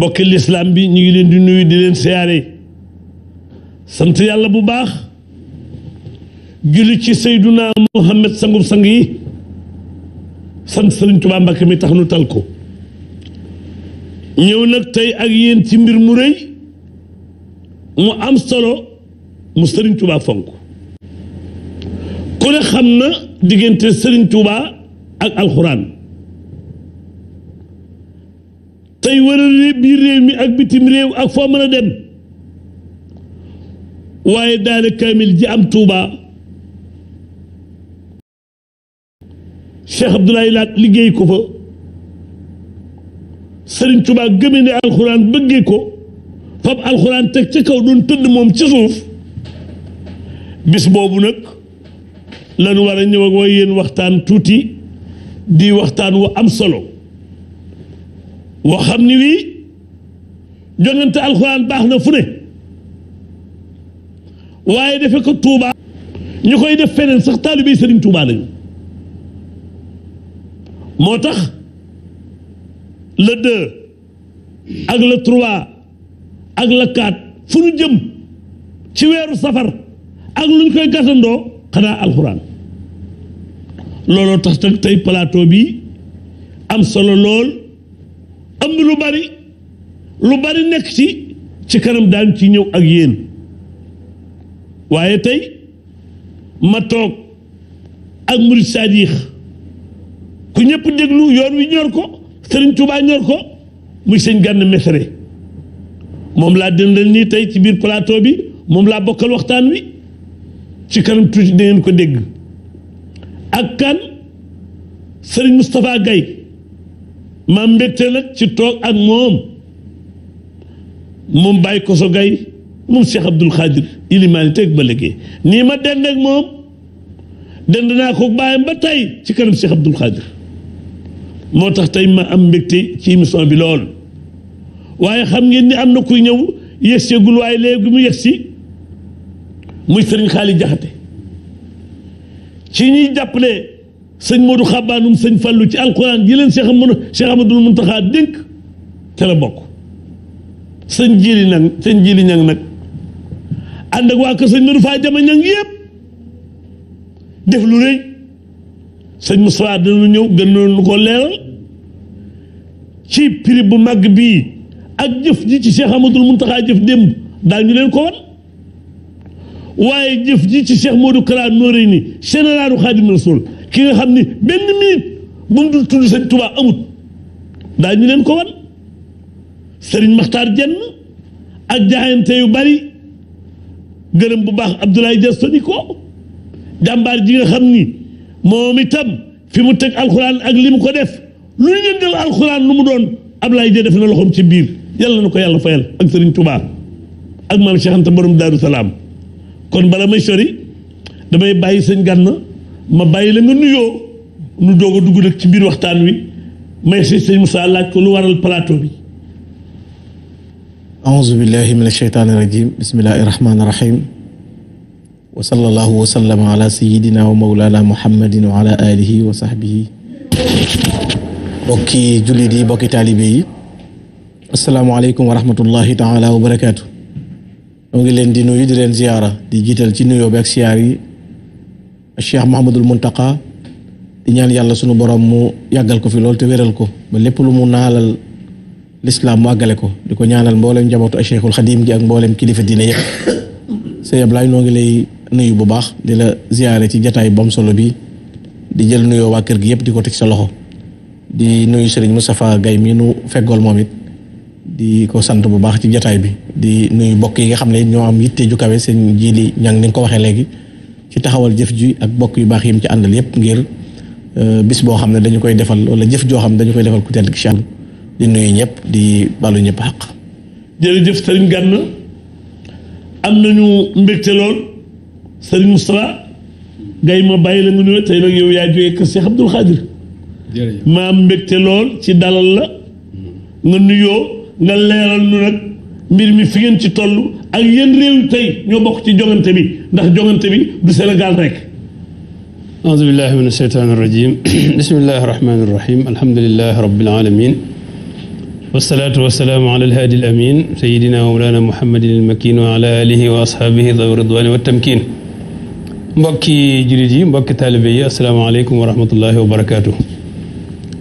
bokki lislaam bi ñu ngi leen di nuyu di leen siyaare sant yàlla bu baax julli ci sayduna muhammad sangub sang yi sant sëriñ Tuubaa Mbàkke mi tax nu tal ñëw nag tey ak yéen ci mbir mu rëy mu am solo mu sëriñ Tuubaa fonk ku ne xam na diggante sëriñ Tuubaa ak alxuraan tey wërale biir réew mi ak bitim réew ak foo dem waaye daara kaamil ji am Touba Cheikh Abdoulaye Laat liggéey ko fa Serigne Touba gëmee ne alxuraan bëggee ko fab alxuraan teg ca kaw doon tëdd moom ci suuf bis boobu nag lan war a ñëw ak yéen waxtaan tuuti di waxtaan wu am solo. woo xam ni wii jongante alxuraan baax na fu ne waaye defe ko Touba ñu koy def feneen sax taalibe Sëriñ Touba lañu moo tax le deux ak la trois ak le quatre fu nu jëm ci weeru safar ak lu ñu koy gasandoo xanaa alxuraan looloo tax tey plateau bi am solo lool am na lu bari lu bari nekk ci ci kanam daan ci ñëw ak yéen waaye tey ma toog ak murid saadix ku ñëpp déglu yoon wi ñor ko sëriñ Tuubaa ñor ko muy sëñ gànn Messere moom laa dendal nii tey ci biir plateau bi moom laa bokkal waxtaan wi ci kanam tuuti da ngeen ko dégg ak kan sëriñ Moustapha Gaye ma mbégte nag ci toog ak moom moom bàyyi ko gay moom Cheikh Abdoul Khadir ilimaani teg ba léegi nii ma dend ak moom dend naa ko bàyyam ba tey ci kanam Cheikh Abdoul Khadir moo tax tey ma am mbégte ci émission bi lool waaye xam ngeen ni am na kuy ñëw yegg seegul waaye léegi mu yegg si muy sëriñ Xaali Jaxate ci ñuy jàppale sëñ Modou Xabaanum sëñ Fallou ci alquran ji seex Cheikh Amadou Cheikh Amadou Muntaxa dénk te bokk sëñ Jili nag sëñ Jili ñang nag ànd ak waa kër sëñ Modou Faa Jama ñang yëpp def lu rëy sëñ Moussa dana ñëw gën noonu ko leeral ci prix bu mag bi ak jëf ji ci Cheikh Amadou Muntaxa jëf démb daañu leen ko wan waaye jëf ji ci Cheikh Modou Kara Noreyni généralu Xaadimu Rasuul ki nga xam ni benn minute bu mu dul tudd amut daañu leen ko wan Serigne Makhtar Jenn ak jaayante yu bari gërëm bu baax Abdoulaye Dia Sodiko jàmbaar ji nga xam ni moom itam fi mu teg alxuraan ak li mu ko def lu ñu leen dal alxuraan lu mu doon Abdoulaye Dia def na loxoom ci biir yàlla na ko yàlla fayal ak Serigne Touba ak maam Cheikh Anta borom Daaru Salaam kon bala may sori damay bàyyi sëñ Gànna ma bàyyi la nga nuyoo nu doog a dugg nag ci biir waxtaan wi may si sëñ Moussa laaj ko lu waral plateau bi aouzu billahi min asheytaani rajim bismillahi rahmaani rahim wa sallallahu wa sallama ala sayidina wa maulana muhammadin wa bokki jullit yi bokki wa rahmatullahi taala wa barakaatu ñoo ngi leen di nuyu di ziyaara di jiital ci nuyoo bi ak yi Cheikh Mouhamadul Muntaqa di ñaan yàlla sunu borom mu yàggal ko fi loolu te wéral ko ba lépp lu mu naalal lislaam mu àggale ko di ko ñaanal mboolem njabootu Cheikhul Xadim gi ak mboolem kilifa diine yëpp sëñ laay noo ngi lay nuyu bu baax di la ziyaare ci jataay bam solo bi di jël nuyoo waa kër gi yëpp di ko teg sa loxo di nuyu sëriñ Moustapha Gaye mii nu feggool moom it di ko sant bu baax ci jataay bi di nuyu bokk yi nga xam ne ñoo am yitte ju kawe seen jiili ñang ni ko waxee léegi ci taxawal jëf ji ak bokk yu baax yim ci àndal yépp ngir euh, bis boo xam ne dañu koy defal wala jëf joo xam ne dañu koy defal ku tedd ki di nuyu ñëpp di balu ñëpp xaq jërëjëf sëriñ Gana am ñu mbégte lool sëriñ Moustapha gay ma bàyyi la nga nuyoo tey nag yow yaa jógee kër Cheikh Abdoul Khadir ma am lool ci dalal la nga nuyoo nga leeral nu nag mbir mi fi ngeen ci toll ak yenn réew tey ñoo bokk ci jongante bi ndax jongante bi du Sénégal rek aoudu billahi min asheytaan irrajim bismillahi irrahmani irrahim alhamdulilahi rabbil alamin wasalaatu wasalaamu ala alhaadi al amin sayidina wa mawlana muhammadin almakin wa ala alihi wa ashaabihi dawi ridwani wa tamkin mbokki jullit yi mbokki taalibe yi asalaamaaleykum wa rahmatullahi wa barakaatu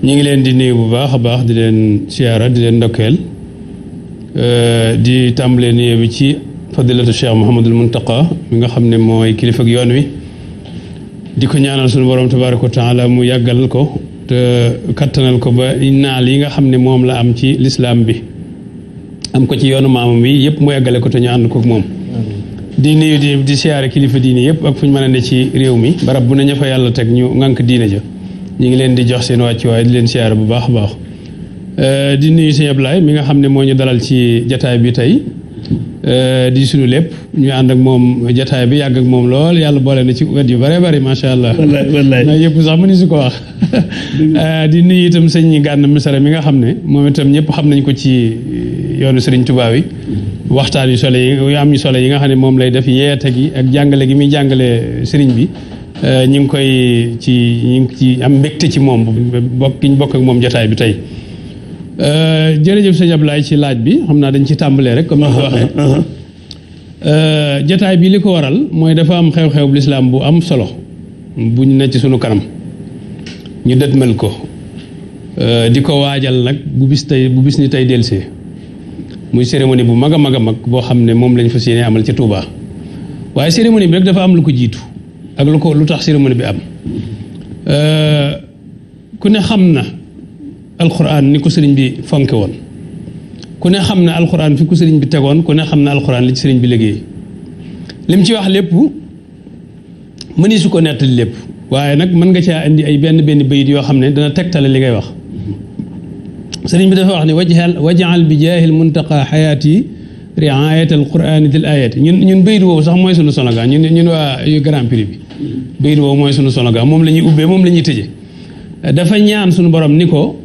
ñu ngi leen di nuyu bu baax a baax di leen siyaara di leen ndokkeel Euh, di tàmbalee nuyoo bi ci fadilatu Cheikh Mouhamadul Muntaqa mi nga xam ne mooy kilifa ak yoon wi di ko ñaanal suñu borom tabaaraka wa taala mu yàggal ko te kattanal ko ba naal yi nga xam ne moom la am ci lislaam bi am ko ci yoonu maamam bi yëpp mu yàggale ko te ñu ànd kook moom. di nuyu di di siyaare kilifa diine yëpp ak fu ñu mën a ne ci réew mi barab bu ne ña fa yàlla teg ñu ngànk diine ja ñu ngi leen di jox seen wàccuwaay di leen siyaare bu baax a baax. Euh, di nuyu sëñ Ablaye mi nga xam ne moo ñu dalal ci jataay bi tey euh, di sunu lépp ñu ànd ak moom jataay bi yàgg ak moom lool yàlla boole na ci wet yu bare bari macha allah. wallaay wallaay na yëpp sax mënu si ko wax. Euh, di nuyu itam sëñ Gana Messere mi nga xam ne moom itam ñëpp xam nañ ko ci yoonu Serigne Touba wi. waxtaan yu solo yi am yu solo yi nga xam ne moom lay def yeete gi ak jàngale gi muy jàngale sëriñ bi. ñu ngi koy ci ñu ngi ci am mbégte ci moom bokk gi ñu bokk ak moom jataay bi tey. Euh, jërëjëf sëñ Ablaye ci laaj bi xam naa dañ ci tàmbalee rek comme ni ko waxee uh-huh, uh-huh. Euh, jataay bi li ko waral mooy dafa am xew-xew bu lislaam bu am solo bu ñu ne ci sunu kanam ñu dëtmal ko euh, di ko waajal nag bu bis tey bu bis ni tey delsee muy cérémonie bu mag a mag a mag boo xam ne moom lañ fas yéene amal ci Touba waaye cérémonie bi rek dafa am lu ko jiitu ak lu ko lu tax cérémonie bi am ku ne xam na alquran ni ko sëriñ bi fonke woon ku ne xam na alquran fi ko sëriñ bi tegoon ku ne xam na alquran li ci sëriñ bi liggéey lim ci wax lépp mëni su ko nettali lépp waaye nag mën nga caa indi ay benn benn bayit yoo xam ne dana tegtale li ngay wax sëriñ bi dafa wax ne wajal wajal bi jaahil muntaqa xayaat yi riayat al qurani dil ayat ñun ñun bayit woowu sax mooy sunu slogan ñun ñun waa grand prix bi bayit woowu mooy sunu slogan moom la ñuy ubbee moom lañuy ñuy tëje dafa ñaan sunu boroom ni ko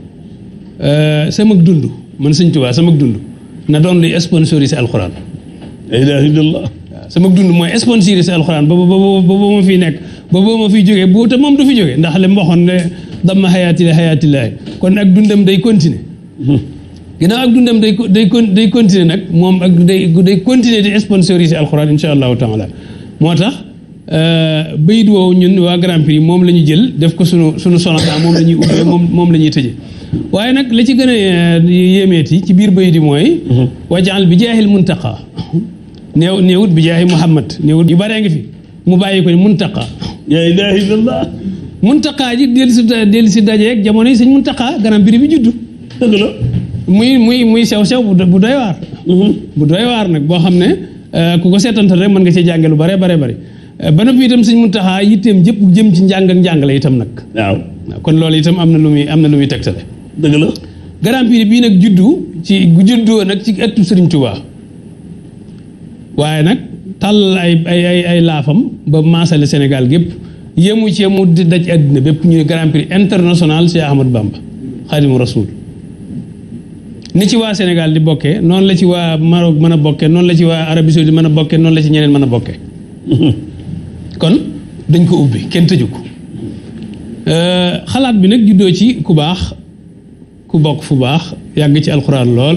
Euh, sama dund man sëñ Tuubaa sama dund na doon luy sponsorisé alxuraan. la ilaha illallah. sama dund mooy sponsorisé alxuraan ba ba ba ba ma fiy nekk ba ba ma fiy jógee bu te moom du fi jógee ndax li mu waxoon ne damma xayaati la xayaati laay kon ak dundam day continuer hmm. ginnaaw ak dundam day day day continuer nag moom ak day day continuer di sponsorisé alxuraan incha allahu taala moo tax euh, bayit woowu ñun waa Grand Prix moom la ñu jël def ko sunu sunu sonata moom la ñuy ubbee moom moom la ñuy tëjee. waaye nag la ci gën a euh, yéemeeti ci biir bayit yi mooy mhm. wajaal bi jaaxil muntaqa néew néewut bi jaaxi muhammad néewut yu baree ngi fi mu bàyyi ko ni muntaqa yaa ilaha ji dellu si dellu si dajeeg jamono sëñ muntaqa ganaam biri bi juddu dëgg la muy muy muy sew-sew bu doy waar mhm. bu doy waar nag boo xam ne euh, ku ko seetantal rek mën nga cee jànge lu bare bare bari euh, ba noppi itam sëñ muntaxa yitteem jëpp jëm ci njàng ak njàngale itam nag waaw kon loolu itam am na lu muy am na lu muy tegtale dëgg la Grand Prix bii nag juddu ci juddoo nag ci ëttu Serigne Touba waaye nag tàll ay ay ay laafam ba maasale Sénégal gépp yemu ci mu daj àddina bépp ñu Grand Prix international Cheikh Ahmad Bamba Xaadimu Rasuul ni ci waa Sénégal di bokkee noonu la ci waa Maroc mën a bokkee noonu la ci waa Arabie Saoudite mën a bokke noonu la ci ñeneen mën a bokke kon dañ ko ubbi kenn tëju ko euh, xalaat bi nag juddoo ci ku baax ku bokk fu baax yàgg ci alxuraan lool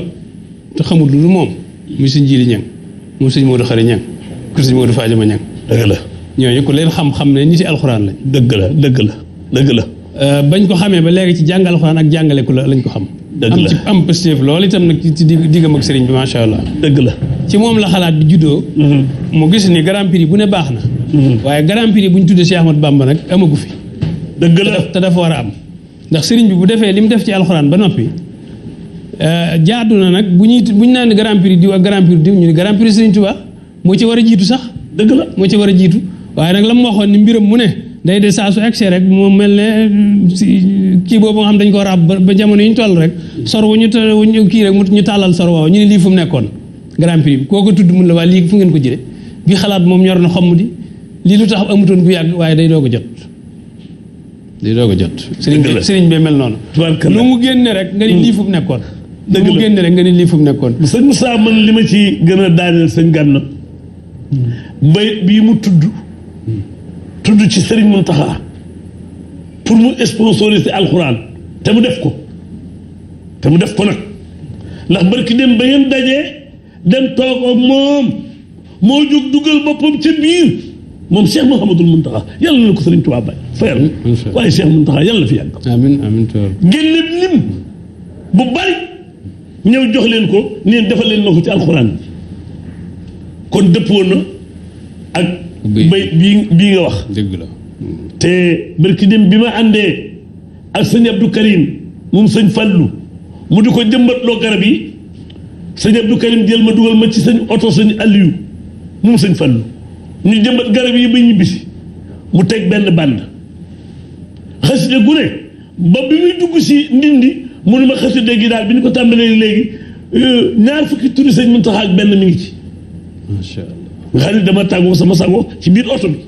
te xamul lu moom muy sëñ Jili Ñaŋ muy sëñ Moodu Xari Ñaŋ ku sëñ Moodu Faajama Ñaŋ dëgg la ñooñu ku leen xam-xam ne ñi ci alxuraan lañ dëgg la dëgg la dëgg la euh, bañ ko xamee ba léegi ci jàng alxuraan ak jàngaleku la lañ ko xam dëgg la am ci am positif lool itam nag ci diggam ak sëriñ bi macha allah. dëgg la ci moom la xalaat bi juddoo. Mm-hmm. mu gis ni Grand Prix bu ne baax na. Mm-hmm. waaye Grand Prix bu ñu tuddee Cheikh Ahmad Bamba nag amagu fi. dëgg la te a am. ndax sëriñ bi bu defee li mu def ci alxuraan ba noppi euh, jaadu na nag bu ñuy bu ñu naan grand prix diw ak grand prix diw ñu ne grand prix sëriñ Tuubaa moo ci war a jiitu sax dëgg la moo ci war a jiitu waaye nag la mu waxoon ni mbiram mu ne day de saa su rek mu mel ne euh, kii boobu nga xam dañ ko ràbb ba jamono yi ñu toll rek sor wu ñu kii rek ñu tàllal sor waaw ñu ne lii fu mu nekkoon grand prix bi koo ko tudd mun la waa lii fu ngeen ko jëlee bi xalaat moom ñor na xomm di lii lu tax amutoon bu yàgg waaye day doo ko jot di doog a jot. sëriñ bi sëriñ bi mel noonu. lu mu génne rek nga ni hmm. lii nekkoon. dëgg la lu mu génne rek nga ni lii mu nekkoon. sëñ Moussa man li ma ci gën a daaneel sëñ Gànna hmm. bay bii mu tudd. tudd ci sëriñ Mountakha pour mu sponsoriser alxuraan te mu def ko te mu def ko nag ndax barki dem ba ngeen dajee dem toog ak moom moo jóg dugal boppam ca biir. moom Cheikh Mouhamadul Mountakha yàlla na ko Sëriñ Tuubaa bay fayal waaye Cheikh Mountakha yàlla na fi yàgg amiin amiin génne lim bu bari ñëw jox leen ko neen defal leen ma ko ci alxuraan bi kon dëppoo na ak bay bii bii nga wax dëgg la te barki dem bi ma àndee ak sëñ Abdou Karim moom sëñ Fallou mu di ko jëmbatloo garab yi sëñ Abdou Karim jël ma dugal ma ci sëñ oto sëñ Aliou moom sëñ Fallou ñu jëmbat garab yi ba ñibbisi mu teg benn bànd xasida gu ne ba bi muy dugg si ndindi mu ne ma xasida gi daal bi ñu ko tàmbalee léegi euh, ñaar fukki turi sëñ Muntaxa ak benn mu ngi ci macha nga xam dama tàngoo sama sago ci biir oto bi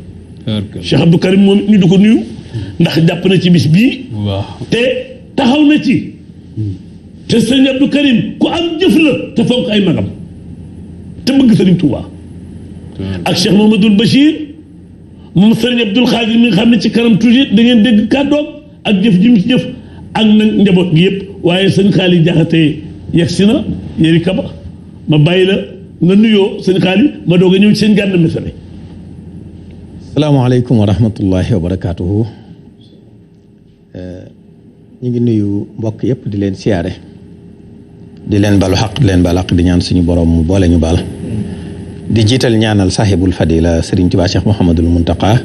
Cheikh Abdou Karim moom ñu du ko nuyu ndax jàpp na ci bis bii te taxaw na ci hmm. te sëñ Abdou Karim ku am jëf la te fonk ay magam te bëgg sëriñ Tuubaa ak Cheikh Mamadou Bachir moom Serigne Abdoul Khadir mi nga xam ne ci kanam toujours da ngeen dégg kàddoom ak jëf ji mu ci jëf ak nag njaboot gi yëpp waaye sëñ Xaali Jaxate yegg si na yéri kaba ma bàyyi la nga nuyoo sëñ Xaali ma doog a ñëw ci seen gànn mesale salaamaaleykum wa rahmatullahi wa barakaatuhu euh, ñu ngi nuyu mbokk yëpp di leen siyaare di leen balu xaq di leen baal xaq di ñaan suñu borom mu boole ñu baal di jiital ñaanal saaxibul fadila sëriñ Tuubaa Cheikh Mouhamadul Muntaqa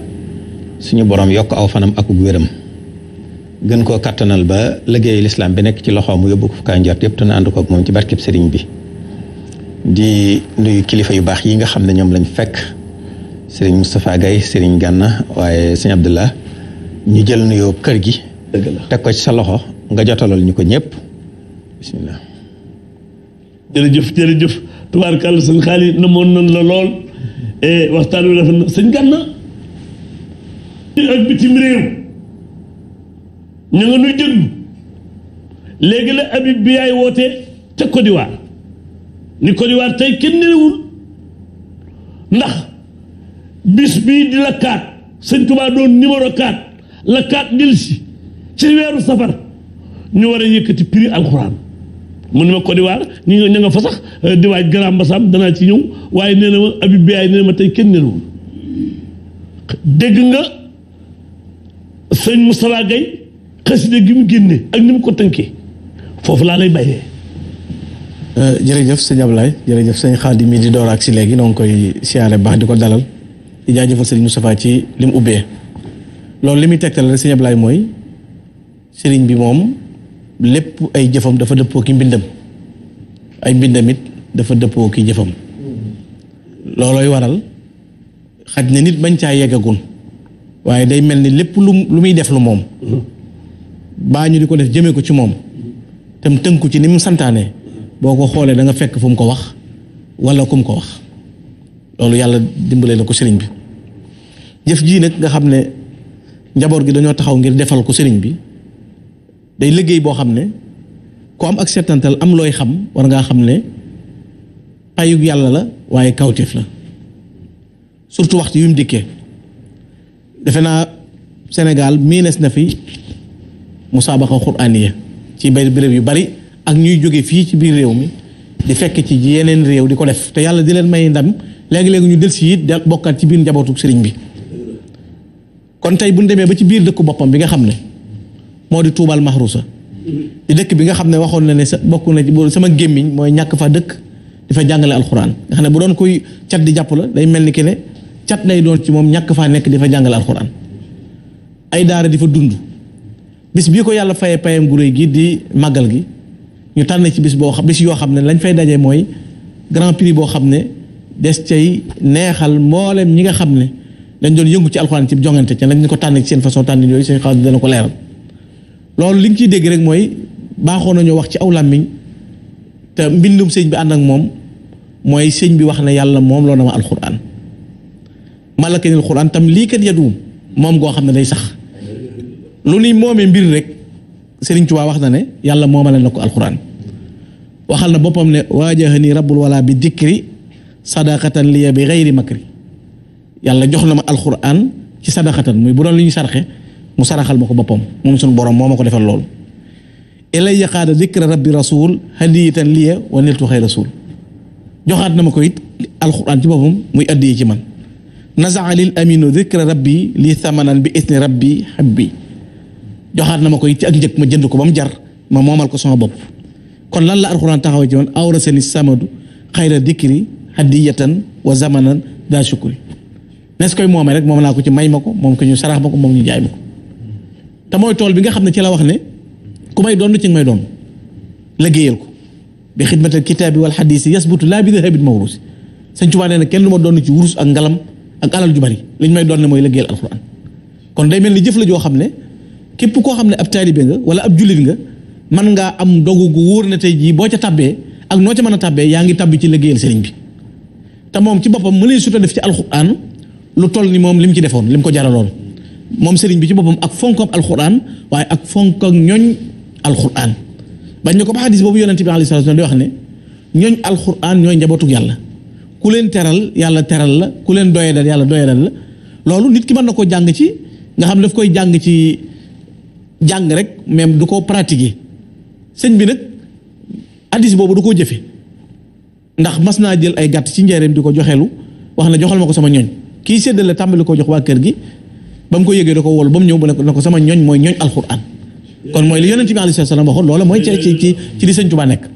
suñu boroom yokk aw fanam ak wéram gën koo kattanal ba liggéeyu lislaam bi nekk ci loxoom mu yóbbu ko fu kaay njort yëpp te na ànd koog moom ci barkib sëriñ bi. di nuyu kilifa yu baax yi nga xam ne ñoom lañu fekk sëriñ Moustapha Gaye sëriñ Gànna waaye sëñ Abdullah ñu jël nuyoo kër gi. teg ko ci sa loxo nga jotalal ñu ko ñëpp bisimilah. jërëjëf tubaar tubaarkàlla sëñ xaalis na moon nan la lool e, waxtaan wi dafa na sëñ gànna ak bitim réew ñu nga nuy déglu léegi la Habib bi yaay woote ca Côte d'Ivoire ni Côte d'Ivoire tey kenn nelawul ndax bis bii di la kaat sëñ Tuubaa doon numéro 4 la kaat dil si ci weeru safar ñu war a yëkkati pri alxuraan mu ne ma Côte d'Ivoire ñu ngi ña nga fa sax euh, di waaj Grand danaa ci ñëw waaye nee na ma Habib Biaye nee ma tey kenn nelawul dégg nga sëñ Moustapha Gaye xasida gi mu génne ak ni mu ko tënkee foofu laa lay bàyyee euh, jërëjëf sëñ Ablaye jërëjëf sëñ Xaadim mi di door ak si léegi noo ngi koy siyaare baax di ko dalal di jaajëfal sëriñ Moustapha ci li mu ubbee loolu li muy tegtal rek sëñ Ablaye mooy sëriñ bi moom lépp ay jëfam dafa dëppoo ki mbindam ay mbindam dafa dëppoo ki jëfam loolooy waral xaj na nit bañ caa yeggagul waaye day mel ni lépp lu lu muy def lu moom baa ñu di ko def jëmee ko ci moom tam tënku ci ni mu santaane boo ko xoolee da nga fekk fu mu ko wax wala ku mu ko wax loolu yàlla dimbale la ko sëriñ bi jëf jii nag nga xam ne njaboot gi dañoo taxaw ngir defal ko sëriñ bi day liggéey boo xam ne ku am ak setantal am looy xam war ngaa xam ne payug yàlla la waaye kawtif la surtout waxtu yu mu dikkee defe naa Sénégal miines na fi musaabaqa quraaniya ci bay béréb yu bari ak ñuy jóge fii ci biir réew mi di fekk ci yeneen réew di ko def te yàlla di leen may ndam léegi-léegi ñu del siit it bokkaat ci biir njabootu sëriñ bi kon tey bu ñu demee ba ci biir dëkku boppam bi nga xam ne moo di tuubal maxruusa di dëkk bi nga xam ne waxoon na ne sa bokk na ci sama gémmiñ mooy ñàkk fa dëkk di fa jàngale alxuraan nga xam ne bu doon koy cat di jàpp la day mel ni ki ne cat lay doon ci moom ñàkk faa nekk di fa jàngale alxuraan ay daara di fa dund bis bii ko yàlla fayee payam gu réy gi di màggal gi ñu tànn ci bis boo xam bis yoo xam ne lañ fay dajee mooy grand prix boo xam ne des cay neexal mboolem ñi nga xam ne dañ doon yëngu ci alxuraan ci jongante ca lañ ñu ko tànn ci seen façon tànn yooyu seen xaalis dana ko leeral loolu li nga ciy dégg rek mooy baaxoo nañu wax ci aw làmmiñ te mbindum sëñ bi ànd ak moom mooy sëñ bi wax na yàlla moom loo na ma alxuraan malakanil xuraan tam lii kat yadu moom goo xam ne day sax lu ni moomee mbir rek Sëriñ waa wax na ne yàlla moomale na ko alxuraan waxal na boppam ne waajahani rabbul wala bi dikri sadaqatan liya bi gayri makri yàlla jox na ma alxuraan ci sadaqatan muy bu doon li ñu sarxe mu saraxal ma ko boppam moom suñu borom moo ma ko defal loolu ilayya qaada dikra rabbi rasul hadiyatan liya wa niltu xayra rasul joxaat na ma ko it alquran ci boppam muy addiyi ci man nazaa lil aminu dikra rabbi li thamanan bi isni rabbi habbi joxaat na ma ko it ci ak njëkk ma jënd ko ba mu jar ma moomal ko sama bopp kon lan la alquran taxaw ci man awra seni samadu xayra dikri hadiyatan wa zamanan daa shukri nes koy moomee rek moom ko ci ko moom ko ñu sarax ma ko jaay ma ko te mooy tool bi nga xam ne ci la wax ne ku may doon ci nga may doon liggéeyal ko bi xidmatal kitaabi wal xadiisi yasbutu laa bi dahabin mawruusi sëñ Tuubaa nee na kenn du ma doon ci wurus ak ngalam ak alal ju bari li may doon ne mooy liggéeyal alxuraan kon day mel ni jëf la joo xam ne képp koo xam ne ab taalibe nga wala ab jullit nga man ngaa am dogu gu wóor na tey jii boo ca tabbee ak noo ca mën a tabbee yaa ngi tabbi ci liggéeyal sëriñ bi te moom ci boppam mënee suta def ci alxuraan lu toll ni moom lim ci defoon lim ko jaraloon moom sëriñ bi ci boppam ak fonkoom alxuraan waaye ak fonkoom ñooñ alxuraan bañ ne ko ba xadis boobu yonent bi alayhi salaatu wa salaam di wax ne ñooñ alxuraan ñooy njabootu yàlla ku leen teral yàlla teral la ku leen doyadal yàlla doyadal la loolu nit ki mën na koo jàng ci nga xam daf koy jàng ci jàng rek même du ko pratiquer sëñ bi nag hadis boobu du ko jëfe ndax mas naa jël ay gàtt ci njëriñ di ko joxeelu wax na joxal ma ko sama ñooñ kii séddale tàmbali koo jox waa kër gi ba mu ko yëgee da ko wol ba mu ñëw bu ne ko sama ñooñ mooy ñooñ alxuraan kon mooy li yonent bi alayhi salaam waxoon loola mooy ci ci ci ci li sëñ Tuubaa nekk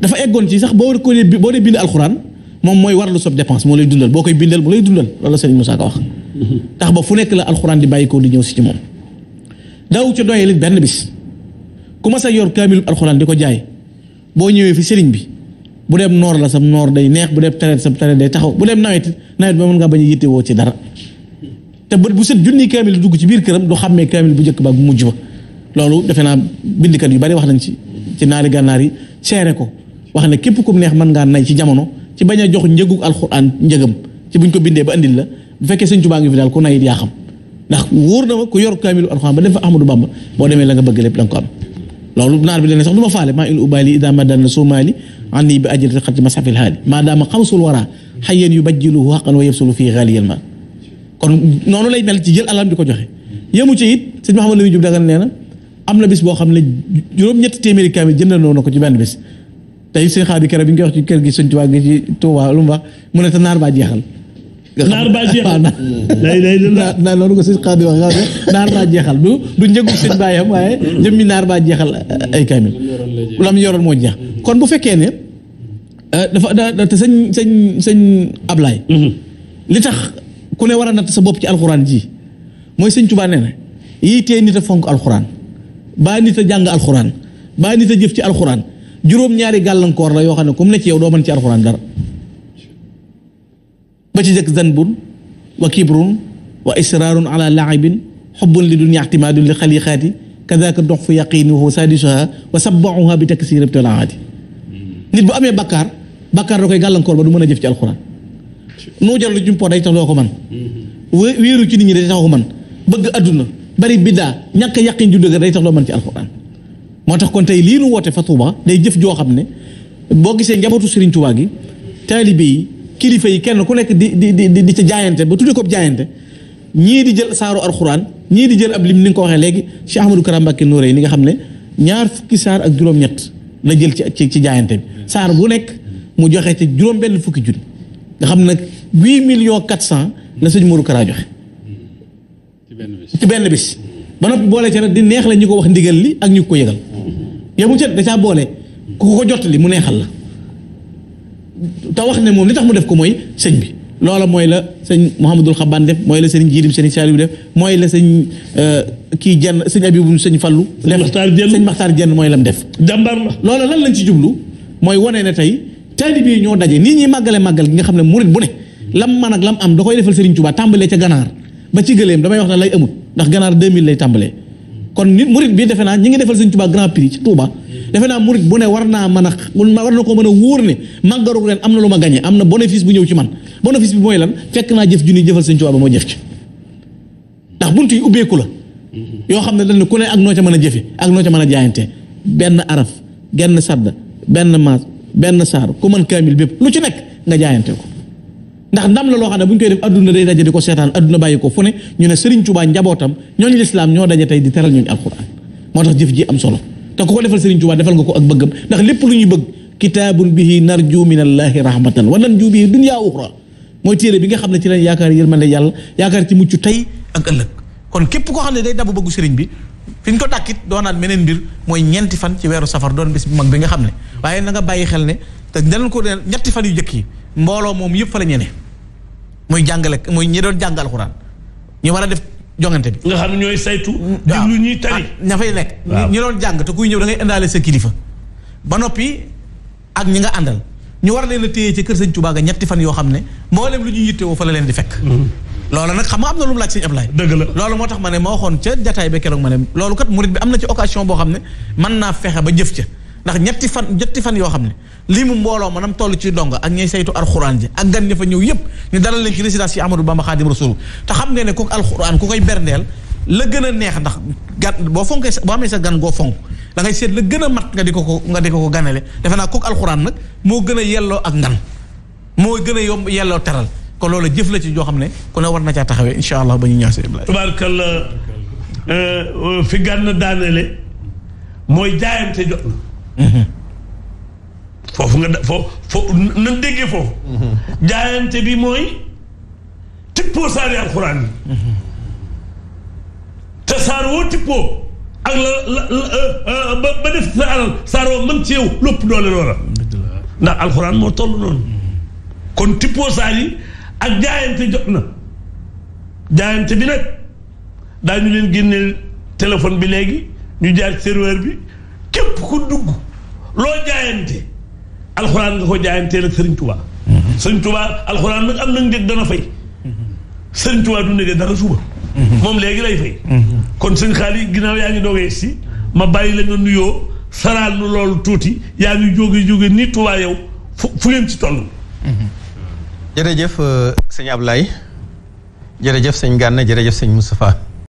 dafa eggoon ci sax boo ko boo dee bind alxuraan moom mooy warlu sob dépense moo lay dundal boo koy bindal mu lay dundal loolu la sëñ Moussa wax tax ba fu nekk la alxuraan di bàyyi koo di ñëw si ci moom daaw ci doyee benn bi ku mas a yor kaamilu alxuraan di ko jaay boo ñëwee fi sëriñ bi bu dem noor la sam noor day neex bu dem tareet sam tareet day taxaw bu dem nawet nawet ba mën nga bañ a yittewoo dara te bët bu set junni kaamil dugg ci biir këram du xàmmee kaamil bu njëkk ba bu mujj ba loolu defe naa bindikat yu bari wax nañ ci ci naari gànnaar yi seere ko wax ne képp ku mu neex mën ngaa nay ci jamono ci bañ a jox njëgu alxuraan njëgam ci buñ ko bindee ba andil la bu fekkee sëñ Tuubaa ngi fi daal ku nay it yaa xam ndax wóor na ku yor kaamilu alxuraan ba def fa Ahmadu Bamba boo demee la nga bëgg lépp la nga ko am loolu naar bi leen sax du ma faale maa in ubaali ida ma daan sumaali an nii bi ajëlati xat ci masafil haali maa daama xamsul wara xayeen yu kon noonu lay mel ci jël alam di ko joxe mu ci it sëñ Mouhamadou Lamine Diop dagan nee na am na bis boo xam ne juróom-ñetti téeméeri kaamil jëndandoo na ko ci benn bis tey sëñ xaabi keroog bi ñu koy ci kër gi sëñ Tuubaa gi ci Tuubaa lu mu mu ne te naar baa jeexal naar baa jeexal day day naa loolu ko sëñ xaabi wax nga naar baa jeexal du du njëgu baayam waaye jëmmi naar baa jeexal eh, ay kaamil lam yoroon moo jeex kon bu fekkee ne eh, dafa te sëñ sëñ sëñ Ablaay mm-hmm. li tax ku ne war a natt sa bopp ci alxuraan ji mooy sëñ Tuubaa na yii tee nit a fonk alxuraan baa nit a jàng alxuraan baa nit a jëf ci alxuraan juróom-ñaari gàllankoor la yoo xam ne comme ne ci yow doo mën ci alxuraan dara ba ci jëkk zanbun wa kibrun wa israarun ala laibin xubbun li dunya ixtimaadun li xaliqaati kadaaka dox fu yaqiin wa saadisuha wa sabbaxuha bi taksiir ibtilaati nit bu amee bakkaar bakkaar da koy gàllankoor ba du mën a jëf ci alxuraan noo jarul jumpoo day tax doo ko man wéeru ci nit ñi day tax ko man bëgg adduna bari biddaa ñàkk yàqin ju dëgër day tax doo man ci alxuraan moo tax kon tey lii nu woote fa Tuuba day jëf joo xam ne boo gisee njabootu Sëriñ Tuuba gi taalibe yi kilifa yi kenn ku nekk di di di di ca jaayante ba tudde ko jaayante ñii di jël saaru alxuraan ñii di jël ab lim ni nga ko waxee léegi Cheikh Ahmadou Karam Mbacké Noreyni nga xam ne ñaar fukki saar ak juróom la jël ci ci jaayante bi saar bu nekk mu joxe ci juróom benn fukki junni nga huit million quatre cent la sëñ Mourou Kara joxe. ci benn bis ci benn bis. ba noppi boole ca nag di neex la ñu ko wax ndigal li ak ñu ko yëgal. yemu mu da caa boole ku ko jot li mu neexal la te wax ne moom li tax mu def ko mooy sëñ bi. loola mooy la sëñ Mouhamadul Xabaan def mooy la sëñ Jiidim sëñ Saaliw def mooy la sëñ euh, kii jenn sëñ Abibu sëñ Fallu def sëñ Maxtaar jenn mooy la mu def jàmbar la loola lan lañ ci jublu mooy wane ne tey taalibe yi ñoo daje nii ñuy màggale màggal gi nga xam ne murit bu ne lam man ak lam am da koy defal Serigne Touba tàmbalee ca ganaar ba ci gëléem damay wax ne lay amut ndax ganaar 2000 lay tàmbalee kon nit murit bi defe naa ñi ngi defal Serigne Touba grand prix ci Touba defe naa murit bu ne war naa mën a war na ko mën a wóor ne màggaru ren am na lu ma gagné am na bénéfice bu ñëw ci man bénéfice bi mooy lan fekk naa jëf junni jëfal Serigne Touba ba moo jëf ci ndax bunt yi ubbeeku la yoo xam ne dañ ku ne ak noo ca mën a jëfe ak noo ca a jaayante benn araf genn sadd benn maas benn saar ku mën kaamil bépp lu ci nekk nga jaayante ko ndax ndam la loo xam ne bu ñu koy def adduna day daje di ko seetaan adduna bàyyi ko fu ne ñu ne Serigne Touba njabootam ñooñu lislaam ñoo daje tey di teral ñooñu alquran moo tax jëf ji am solo te ku ko defal Serigne Touba defal nga ko ak bëggam ndax lépp lu ñuy bëgg kitaabun bihi narju min allahi rahmatan wa nanju bihi dunya uxra mooy téere bi nga xam ne ci lañ yaakaar yërmande yàlla yaakaar ci mucc tey ak ëllëg kon képp koo xam ne day dabu bëggu Serigne bi fi ñu ko tàkkit doonaat meneen mbir mooy ñeenti fan ci weeru safar doon bu mag bi nga xam ne waaye na bàyyi xel ne te danañ ko ñetti fan yu jëkk yi mbooloo moom yëpp fa la ñene muy jàngale mooy ñi doon jàng alxuraan ñu war a def jongante bi. nga xam ne ñooy saytu. waaw diglu ñuy tari. Ah, ña nekk. ñi doon jàng kuy ñëw da ngay indaale sa kilifa. ba noppi ak ñi nga àndal ñu war leen a téye ci kër sëñ Tuubaa ga ñetti fan yoo xam ne mboolem lu ñuy yittewoo fa la leen di fekk. Mm-hmm. loolu nag xam nga am na lu mu laaj sëñ Ablaay dëgg la loolu moo tax ma ne ma waxoon ca jataay ba keroog ma ne loolu kat murit bi am na ci occasion boo xam ne mën naa fexe ba jëf ca ndax ñetti fan ñetti fan yoo xam ne lii mu mbooloo maanaam toll ci dong ak ñay saytu alxuraan ji ak gan ña fa ñëw yëpp ñu dalal leen ci résidence yi Amadou Bamba Xaadim Rasul te xam nga ne kooku alxuraan ku koy berndeel la gën a neex ndax gan boo fonkee boo amee sa gan goo fonk da seet la gën a mat nga di ko nga di ganale defe naa kooku alxuraan nag moo gën a yelloo ak ngan moo gën a yomb yelloo teral kon loolu jëf la ci joo xam ne ku ne war na caa taxawee incha allah ba ñu ñëw si Ibrahima. tubaarkalla fi gànn daanele mooy jaayante jot Mm-hmm. foofu nga da foofu foofu déggee foofu. Mm-hmm. jaayante bi mooy tippoo saari alxuraan yi. Mm-hmm. te saar woo tippoo ak la la euh, euh, ba ba def saar woo mën ci yow lépp doole loola. ndax alxuraan moo toll noonu. kon tippoo saar ak jaayante jot na jaayante bi nag daañu leen génneel téléphone bi léegi ñu jaar serveur bi. képp ku dugg loo jaayante alxuraan nga ko jaayanteel ak Serigne Touba. Serigne Touba alxuraan nag am na njëg dana fay. Serigne Touba du ndege dara suba. moom léegi lay fay. kon sëñ xaalis ginnaaw yaa ngi doogee si ma bàyyi la nga nuyoo saraan nu loolu tuuti yaa ngi jóge jóge ni Touba yow fu fu ngeen ci toll. jërëjëf euh, sëñ Ablaye jërëjëf sëñ Gànna jërëjëf sëñ Moustapha.